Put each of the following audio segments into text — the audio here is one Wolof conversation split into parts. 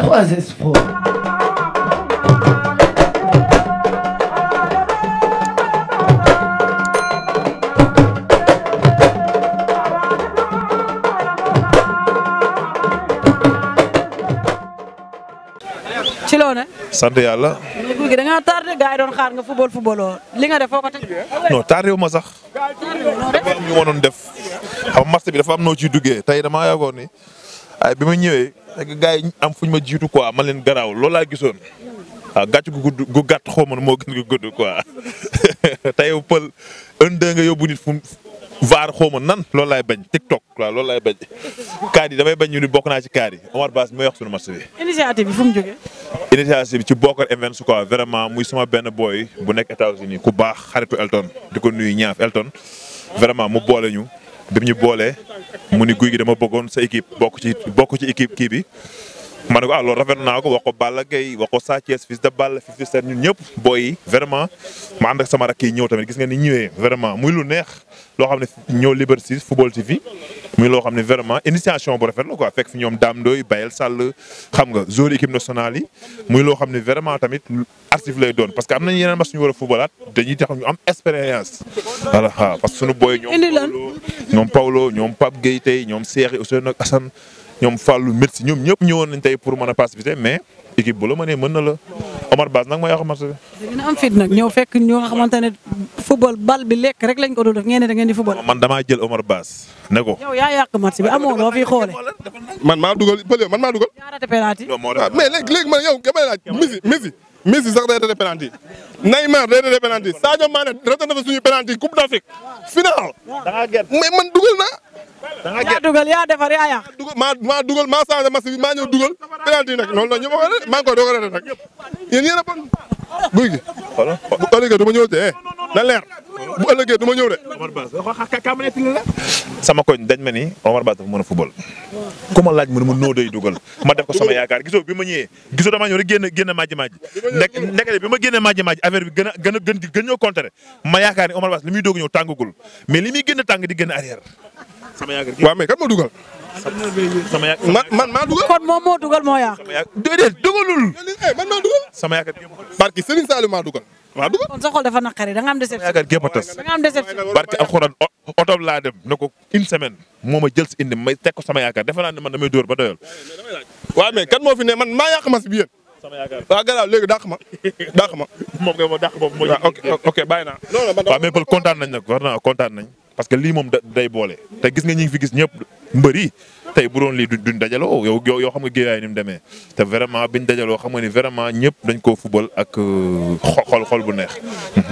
was is for. ci loo ne. sant yàlla. mais guy gi da ngaa tardé gars yi doon xaar nga football footballoo li nga def foo ko teg. non tardé wu ma sax. tardé wu ma sax dafa am ñu ma doon def. xam match bi dafa am noo ciy duggee tey damaa yàggoon ni. waaye ah, bi ma ñëwee gars yi am fu ñu ma jiitu quoi ma leen garaaw loolu laa gisoon waaw ah, gàcc gu gudd gu gàtt xaw ma moo gën gu gudd quoi te yow pël un nga yóbbu nit fu vaar xaw ma nan loolu laay bañ TikTok waa loolu laay bañ kaar yi damay bañ ñu ni bokk naa ci kaar yi Omar Bass mi wax suñu match bi. initiative bi fu mu jógee. initiative ci Bokar Events quoi vraiment muy sama benn boy bu nekk États-Unis ku baax xaritu Elton di ko nuyu ñaaf Elton vraiment mu boole ñu. bi ñu boolee mu ni guy gi dama bëggoon sa équipe bokk ci bokk ci équipe kii bi ma ne ko ah loolu rafetlu naa ko wax ko Balla Gaye wax ko Sa Thiès fils de Balla Fifty Cent ñëpp booy yi ma ànd ak sama rakk ñëw tamit gis nga ni ñëwee vraiment muy lu neex loo xam ne ñëw Liberté football TV muy loo xam ne vraiment initiation bu rafet la quoi fekk fi ñoom Dame Ndoye Bayel Sall xam nga joueur équipe nationale yi muy loo xam ne vraiment tamit artif lay doon parce que am nañu yeneen match ñu a expérience voilà parce que sunu booy ñoom Paulo ñoom Paulo ñoom ñoom ñoom Fallou médecine ñoom ñëpp ñëwoon nañ tey pour mën a participer mais équipe bu la mënee mën nag mooy yàq match bi. dina fekk ñoo nga xamante ne football bal bi lekk rek lañ ko doon def ngeen ne da ngeen di man damaa jël Omar Bass ne ko. yaa yàq match bi amoo loo fiy xoolee. man maa dugal bële man maa dugal. yaa raté man yow nga laaj Messi Messi Messi sax day na penalty Neymar day raté penalty Sadio Mané raté na fa suñu penalty coupe d'Afrique final. da man dugal na da ngaa gerte yaa defar yaa yàq. maa maa dugal maa changé sa bi maa ñëw dugal penalty nag loolu la ñu ma ko maa ngi koy doog a raté nag yéen a bon. guy gi. xoolal xoolal du ma ñëw tee na leer. bu ëllëgee du ma ñëw de. Omar sama koñ dañ ma ni Omar Bass dafa mën a football. ku ma laaj mu ne ma noo day dugal ma def ko sama yaakaar gisoo bi ma ñëwee gisoo damaa ñëw rek génn génn maaji maaji nekk nekkale bi ma génnee maaji maaji affaire bi gën a gën a gën gën ñoo contrer ma yaakaar ni Omar Bass li muy doog ñëw tàngagul mais li muy génn tàng di génn arrière. sama yaakaar waaw mais kan ma dugal. man maa dugal. kon moom moo dugal moo yaa. déedéet dugalul. Eh, man maa dugal. sama yaakaar barki Serigne waaw dugal kon xol dafa naqari da nga am déception yaakaar gépp a tas da nga dem ne ko une moo ma jël si indi may teg ko sama yaakaar defe naa ne man damay dóor ba doyal waaw mais kan moo fi ne man ma yàq ma si bi yéen sama yaakaar waaw gannaaw léegi dàq ma dàq ma moom nga ma dàq boobu moo ok bàyyi naa waaw mais pël kontaan nañ nag war naa kontaan nañ parce que lii moom day boole te gis nga ñi ngi fi gis ñëpp mbër yi tey bu doon lii duñ dajaloo yow yow xam nga géeyaay ni demee te vraiment biñ dajaloo xam nga ni vraiment ñëpp dañ koo fubal ak euh, xol xol bu neex.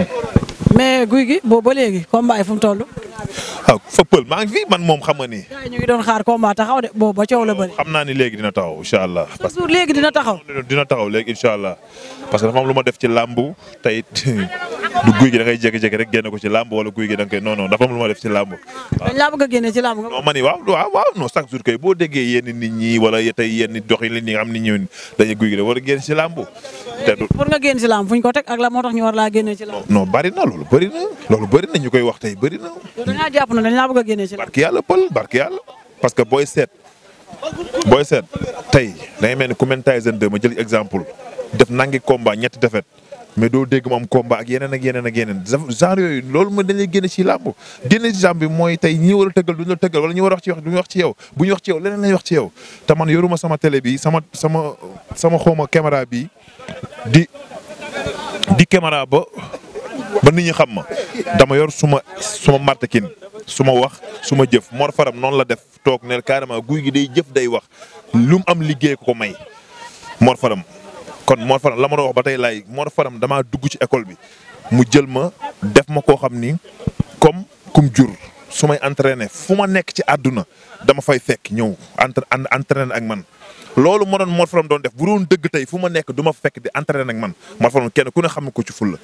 mais guy gi boobu ba léegi combat yi fu mu waaw ah, fa pël maa fi man moom xam nga nii. gars yi ñu taxaw de boobu ba coow la naa ni léegi dina taxaw incha allah. parce que léegi dina taxaw. dina taxaw léegi incha allah parce que dafa am lu ma def ci làmb tey du guy gi ko ci làmb wala guy gi da nga koy a génne ci làmb nga. non ñi wala tey yenn dox yi nit ñi nga xam nit ko teg ak moo tax ñu laa génne ci làmb. non bari na loolu bari loolu bari ñu koy wax tey bari na. dañaa jàpp na dañ laa bëgg a génne ci barke yàlla pël barke yàlla parce que booy seet booy seet tey dangay mel ni ku mel Tyson 2 ma jël exemple def nangi combat ñetti defet mais doo dégg mu am combat ak yeneen ak yeneen ak yeneen genre yooyu loolu mooy dañuy génne ci làmb génne ci làmb bi mooy tey ñi war a tëggal duñ la tëggal wala ñi war a wax ci wax duñ wax ci yow bu ñu wax ci yow leneen lañ wax ci yow te man yoruma sama télé bi sama sama sama xawma caméra bi di di caméra ba ba nit ñi xam ma dama yor suma suma martakin suma wax suma jëf Mor Faram noonu la def toog ne carrément guy gi day jëf day wax lu mu am liggéey ko ko may Mor Faram kon Mor Faram la ma doon wax ba tey laay Mor Faram damaa dugg ci école bi mu jël ma def ma koo xam ni comme kum jur su may entraîné fu ma nekk ci àdduna dama fay fekk ñëw entre entraîné ak man loolu moo doon Mor Faram doon def bu doon dëgg tey fu ma nekk du ma fekk di entraîné ak man Mor Faram kenn ku ne xam ko ci fulla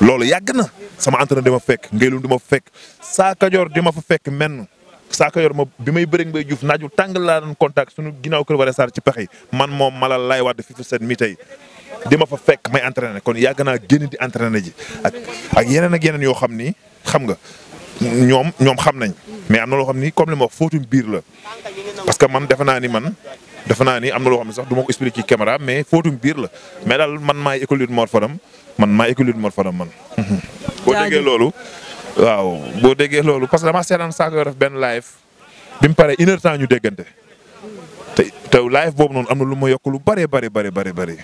loolu yàgg na sama entraîneur di ma fekk ngéylum di ma fekk saakajoor kajoor di ma fa fekk menn saa kajoor bi may bëreeg mbay juuf naaju tàng laa doon contact suñu ginnaaw kër Wara Sarr ci pexe man moom Malal laay waat fii ci seen mi tey di ma fa fekk may entraîner kon yàgg naa génn di entraîner ji ak ak yeneen ak yoo xam ni xam nga ñoom ñoom xam nañ mais am na loo xam ni comme li ma wax fóotum biir la parce que man defe naa ni man defe naa ni am na loo xam ne sax du ma ko expliquer ci caméra mais fóotum biir la mais daal man maay école Mor Fadam man maa école Mor Fadam man. Mhm. boo déggee loolu. waaw boo déggee loolu parce que damaa seetaan saako yoo def benn live bi mu paree une heure temps ñu déggante te te live boobu noonu am na lu ma yokk lu bëree bëri bëri bëri bëri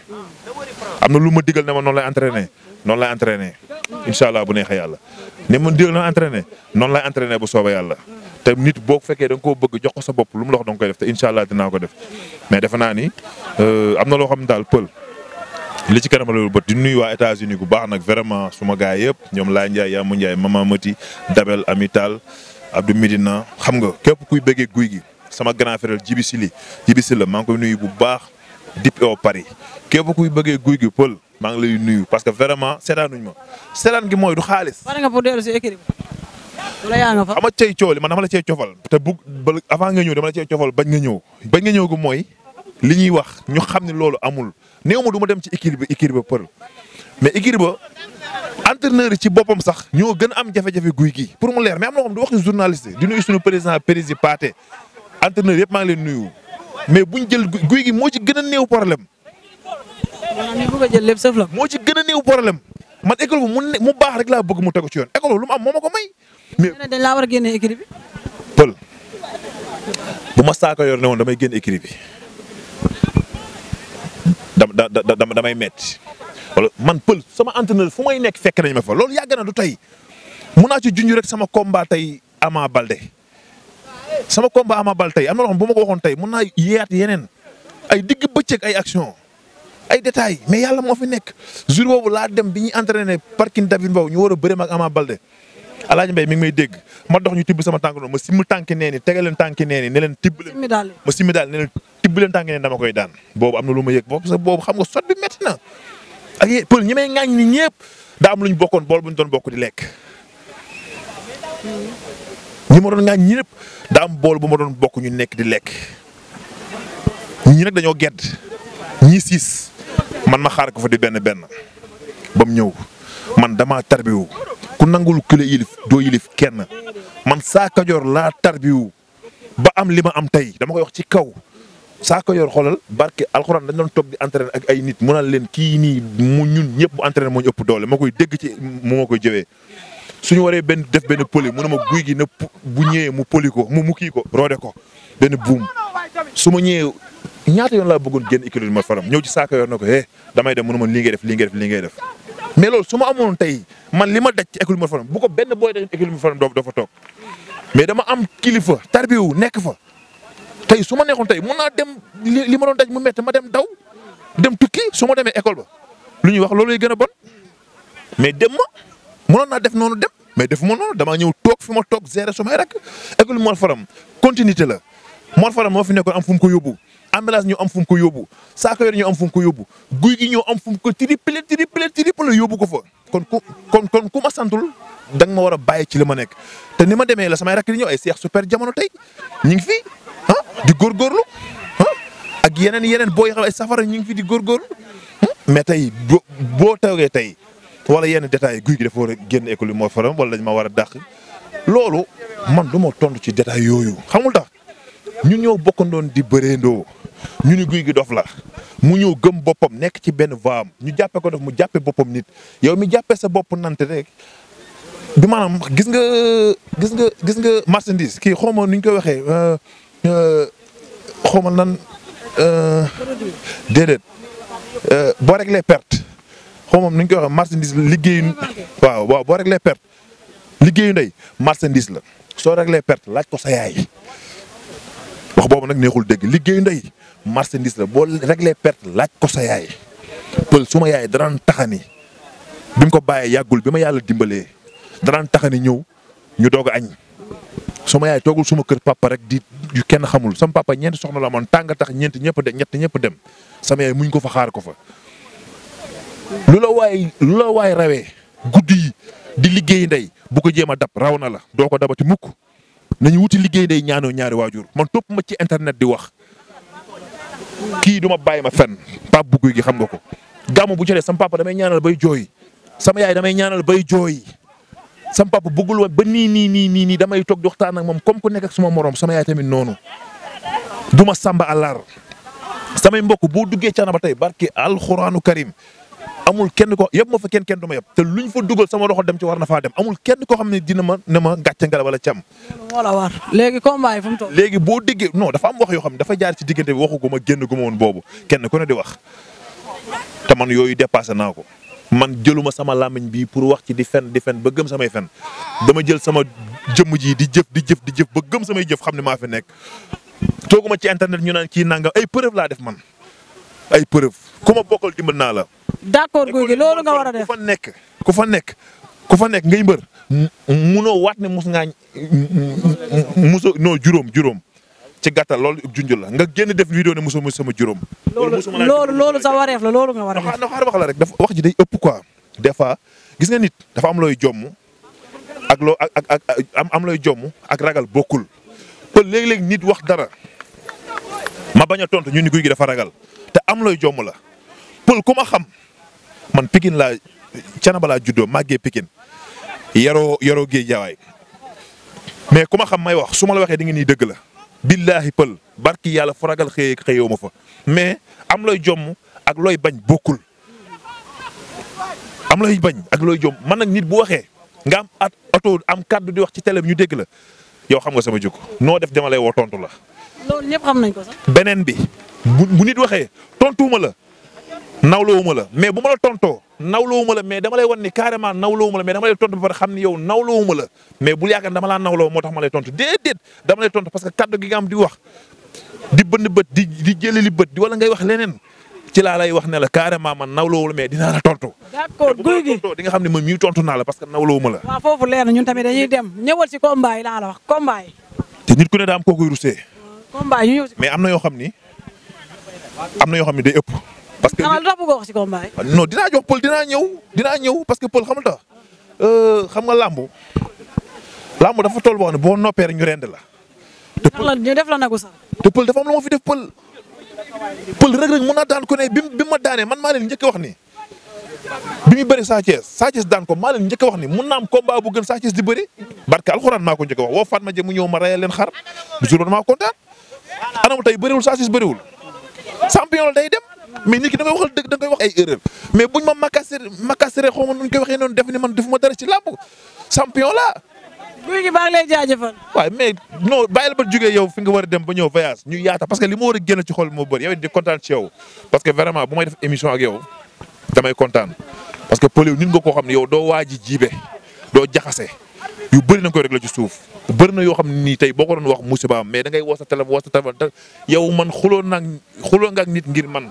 am na lu ma digal ne ma noonu lay entraîné noonu lay entraîné incha allah bu neexee yàlla ne ma digal na entraîné noonu lay entraîné bu soobee yàlla te nit boo fekkee da nga bëgg jox ko sa bopp lu mu la wax da def te incha allah dinaa ko def mais defe naa ni euh, am na loo xam daal pël. li ci kanam loolu bët di nuyu waa États-Unis bu baax nag vraiment suma gaay yëpp ñoom laa Ndiaye Yamou Ndiaye Mama Mati Dabel Amital Abdou Medina xam nga képp kuy bëggee guy gi sama grand frère Jibi Sili la maa koy nuyu bu baax depuis au Paris kuy bëggee guy gi pël maa ngi lay nuyu parce que vraiment nuñ ma seetaan gi mooy du xaalis. war nga pour dellu si écrit wala yaa nga ama cey cooli man dama la cey cofal. te bu ba avant nga ñëw dama la cey cofal bañ nga ñëw bañ nga ñëw gu mooy. li ñuy wax ñu xam ne loolu amul néew ma duma dem ci équipe bi équipe ba Peul mais équipe ba entraîneur yi ci boppam sax ñoo gën a am jafe guy gi pour mu leer mais am na xam du waxi journaliste di nuyu suñu président Périsi Pathé entraîneur yëpp maa ngi leen nuyu mais buñ jël guy gi moo ci gën a néew problème. a jël lépp sëf la. moo ci gën a néew problème man école bi mu ne mu baax rek laa bëgg mu tegu ci yoon école lu mu am moo ma ko may. mais dañ laa war a génne équipe bi. Peul bu ma saako yor ne woon damay génn équipe bi. da da damay metti wala man pël sama entraîneur fu may nekk fekk nañ ma fa loolu yàgg na du tey mun naa ci junj rek sama combat tey Ama Balde sama combat Ama Balde tey am na bu ma ko waxoon tey mun naa yeeyaat yeneen ay digg bëccëg ay action ay détails mais yàlla moo fi nekk jour boobu laa ñu war a bëre ak Ama Balde may dégg ma dox ñu tibb sama tànk noonu ma simmi tànk nee ni tegal leen ni ne leen tibb leen ma simmi daal tibb leen tànk dama koy daan boobu am na lu ma yëg boobu parce que boobu xam nga sot bi métti na ak yéen ñëpp daa am lu bokkoon bool bu ñu doon bokk di lekk. ñëpp daa bool bu ma doon bokk ñu nekk di lekk ñi nag dañoo gedd ñii siis man ma xaar ko fa di benn benn ba mu ñëw man dama tarbiwu ku nangul kule yilif doo yilif kenn man saa kajoor laa tarbiwu ba am li ma am tey dama koy wax ci kaw. saa ko yor xoolal barke alxuraan dañ doon toog di entraîné ak ay nit mu a leen kii nii mu ñun ñëpp mu entraîné moo ñu ëpp doole ma koy dégg ci mu ma koy jëwee suñu waree benn def benn poli mu ne ma guy gi na ñëwee mu poli ko mu kii ko roode ko benn buum su ma ñëwee ñaata yoon laa bëggoon genn équilibre ma faram ñëw ci saako yor na ko eh damay dem mu ma lii ngay def lii ngay def ngay def mais loolu su ma amoon tey man li ma daj ci équilibre ma faram bu ko benn booy daj équilibre ma faram doo fa toog mais dama am kilifa tarbiwu nekk fa tey su ma neexoon tey mun naa dem li ma doon daj mu métti ma dem daw dem tukki su ma demee école ba lu ñuy wax looluy gën a bon mais dem ma mënoon naa def noonu dem mais def ma noonu damaa ñëw toog fi ma toog gérer su rek école Mor Faram continuité la Mor Faram moo fi nekkoon am fu ko yóbbu ambulance ñu am fu mu ko ñu am fu mu guy gi ñëw am fu mu ko triplé triplé triplé yóbbu ko fa kon ku kon kon ku ma santul da ma war a bàyyi ci li ma nekk te ni ma demee la samay rakk di ñëw ay seex super jamono tey ñu ngi fi. di góorgóorlu ah ak yeneen yeneen boo xam ay safara ñu ngi fi di góorgóorlu ah, mais tey boo boo tawee tey wala yenn détails guy gi dafa war a génn école yi moo faram wala dañ ma war a dàq loolu man duma ma tontu ci détails yooyu xamul tax ñu ñoo bokkandoon di bëreendoo ñu ni guy gi dof la mu ñëw gëm boppam nekk ci benn vaam ñu jàppee ko dof mu jàppee boppam nit yow mi jàppee sa bopp nante rek bi maanaam gis nga gis nga gis nga marchandise kii xaw ma nu ñu koy waxee. Euh, Euh, xaw ma nan euh, déedéet euh, boo rek les pertes xaw ma nu ñu koy waxee marchandise liggéeyu waaw waaw boo rek les pertes liggéeyu ndey marchandise la soo rek les pertes laaj ko sa yaay wax boobu nag neexul dégg liggéeyu ndey marchandise la boo rek les pertes laaj ko sa yaay pël su ma taxani bi mu ko bàyyee yàggul bi ma yàlla dimbalee danaan taxani ñëw ñu doog a añ. sama yaay toogul suma kër papa rek di kenn xamul sama papa ñeenti soxna la amoon tànga tax ñeenti ñëpp de ñett ñëpp dem sama yaay muñ ko fa xaar ko fa. lu la waaye lu waay rawee guddi di liggéey ndey bu ko jéem a dab raw na la doo ko dabati mukk nañu wuti liggéey ndey ñaanoo ñaari waajur man topp ma ci internet di wax. kii du ma bàyyi ma fenn Pape Bouguy gi xam nga ko gàmmu bu ci des sama papa damay ñaanal bay jooy sama yaay damay ñaanal bay jooy. sam papa bëggul woon ba nii nii nii nii nii damay toog di waxtaan ak moom comme ku nekk ak suma morom sama yaay tamit noonu du ma sàmba àllar samay mbokk boo duggee na ba tey barke alxuraanu karim amul kenn ko yëpp ma fa kenn du ma yëpp te luñ fa dugal sama loxo dem ci war na faa dem amul kenn koo xam ne dina ma ne ma gàcce ngala wala cam. moo la war léegi combat yi fu mu toll. léegi boo déggee non dafa am wax yoo xam ne dafa jaar ci diggante waxu gu ma génn gu woon boobu kenn ku ne di wax te yooyu dépassé naa ko. man jëluma sama làmmiñ bi pour wax ci di fen di fen ba gëm samay fen dama jël sama jëmm ji di jëf di jëf di jëf ba gëm samay jëf xam ne maa fi nekk tooguma ci internet ñu naan kii nangam ay preuve laa def man ay preuve ku ma bokkal dimbal naa la. d'accord guy gi loolu nga war a def ku fa nekk ku fa nekk ku fa nekk ngay mbër munoo waat ne mus ngaa musoo noo juróom juróom. ci gàttal loolu junju la nga génn def vidéo ne mosuma sama juróom. loolu loolu loolu sa wareef la loolu nga war a def. na xaar wax la rek dafa wax ji day ëpp quoi des fois gis nga nit dafa am looy jomm ak loo ak jomm ak ragal bokkul te léeg-léeg nit wax dara ma bañ tontu ñu ni guy gi dafa ragal te am looy jomm la pël ku ma xam man Pikine laa Thiénaba laa juddoo màggee Pikine yaroo yaroo géej jawaay mais ku ma xam may wax su ma la waxee di nga nii dëgg la. billaahi pël barki yàlla fu ragal xëyee xëyoo ma fa mais am looy jomm ak looy bañ bokkul am looy bañ ak looy jom man nag nit bu waxee nga am at oto am kàddu di wax ci tele bi ñu dégg la yow xam nga sama jikko noo def dama lay woo tontu la. ñëpp xam nañ ko sax. beneen bi bu bu nit waxee tontuwuma la nawlewuma la mais bu ma la tontoo nawlowuma la mais dama lay wan ni carrément nawlowuma la mais dama lay tontu ba pare xam ni yow nawlowuma la mais bul yaakaar dama laa nawloo moo tax ma lay tontu déedéet dama parce que kaddu gi nga di wax di bënn bët di di li bët di wala ngay wax leneen ci laa lay wax ne la carrément man nawlowul mais dinaa la tontu. d'accord guy gi di nga xam ne man mii tontu naa la parce que nawlowuma la. waaw foofu leer ñun tamit dañuy dem ñëwal ci combat yi laa la wax combat yi. te nit ku ne daa am koo koy rusee. combat yi mais am na yoo xam ni am na yoo xam ni day ëpp. parce que xamal lu tax bëgg wax ci combat yi. Ah, non dinaa jox Paul dinaa ñëw dinaa ñëw parce que Paul xam nga euh, xam nga làmb làmb dafa toll boo xam ne boo noppee rek ñu rend la. te Paul ñu def la nagu sax. te Paul dafa am lu ma fi def Paul Paul Reug Reug mën naa daan ko ne bi bi ma daanee man maa leen njëkk wax ni bi mu bëri Sa Thiès Sa Thiès daan ko maa leen njëkk wax ni mun naa am combat bu gën Sa Thiès di bëri barke alxuraan maa ko njëkk wax woo Fatma Dieng mu ñëw ma rayal leen xar bu jour maa kontaan anam tey bëriwul Sa Thiès bëriwul champion la day dem mais nit ki da ngay waxal dëgg da ngay wax ay erreur mais buñ ma makassar makassare xaw ma nu ñu koy waxee noonu def ni man defuma dara ci làmb champion la guy gi maa ngi lay jaajëfal. waaw mais non bàyyil ba jógee yow fi nga war a dem ba ñëw voyage ñu yaata parce que li ma war a génn ci xol moo bëri yow it di kontaan ci yow. parce que vraiment bu may kontaan parce que Pawlish nit nga koo xam ne yow doo waaj a jiibe doo jaxase bëri na koy réglé ci suuf bëri na yoo xam ne nii tey boo ko doon wax musibaam mais da ngay woo sa téléphone woo sa téléphone yow man xuloo naa xuloo nga ak nit ngir man.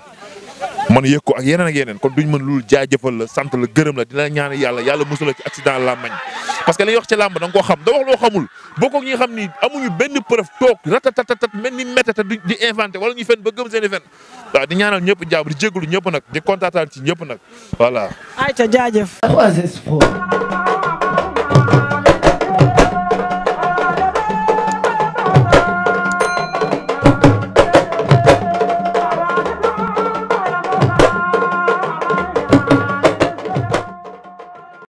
man yëg ko yeneen ak yeneen kon duñ mën lul jaajëfal sant la gërëm la dina ñaan yàlla yàlla musula ci accident làmmañ parce que li wax ci làmb da xam da wax loo xamul boo ñi xam ni amuñu benn preuve toog ratatatatat mel ni di inventé wala ñu fen ba gëm fen waaw di ñaanal ñëpp jàmm di jégalu ñëpp nag di kontaataal ci ñëpp nag voilà. ayca jaajëf.